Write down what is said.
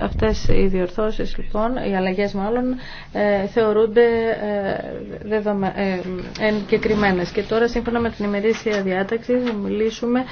Αυτές οι διορθώσεις λοιπόν, οι αλλαγές μάλλον, ε, θεωρούνται ε, ε, εγκεκριμένες. Και τώρα σύμφωνα με την ημερήσια διάταξη θα μιλήσουμε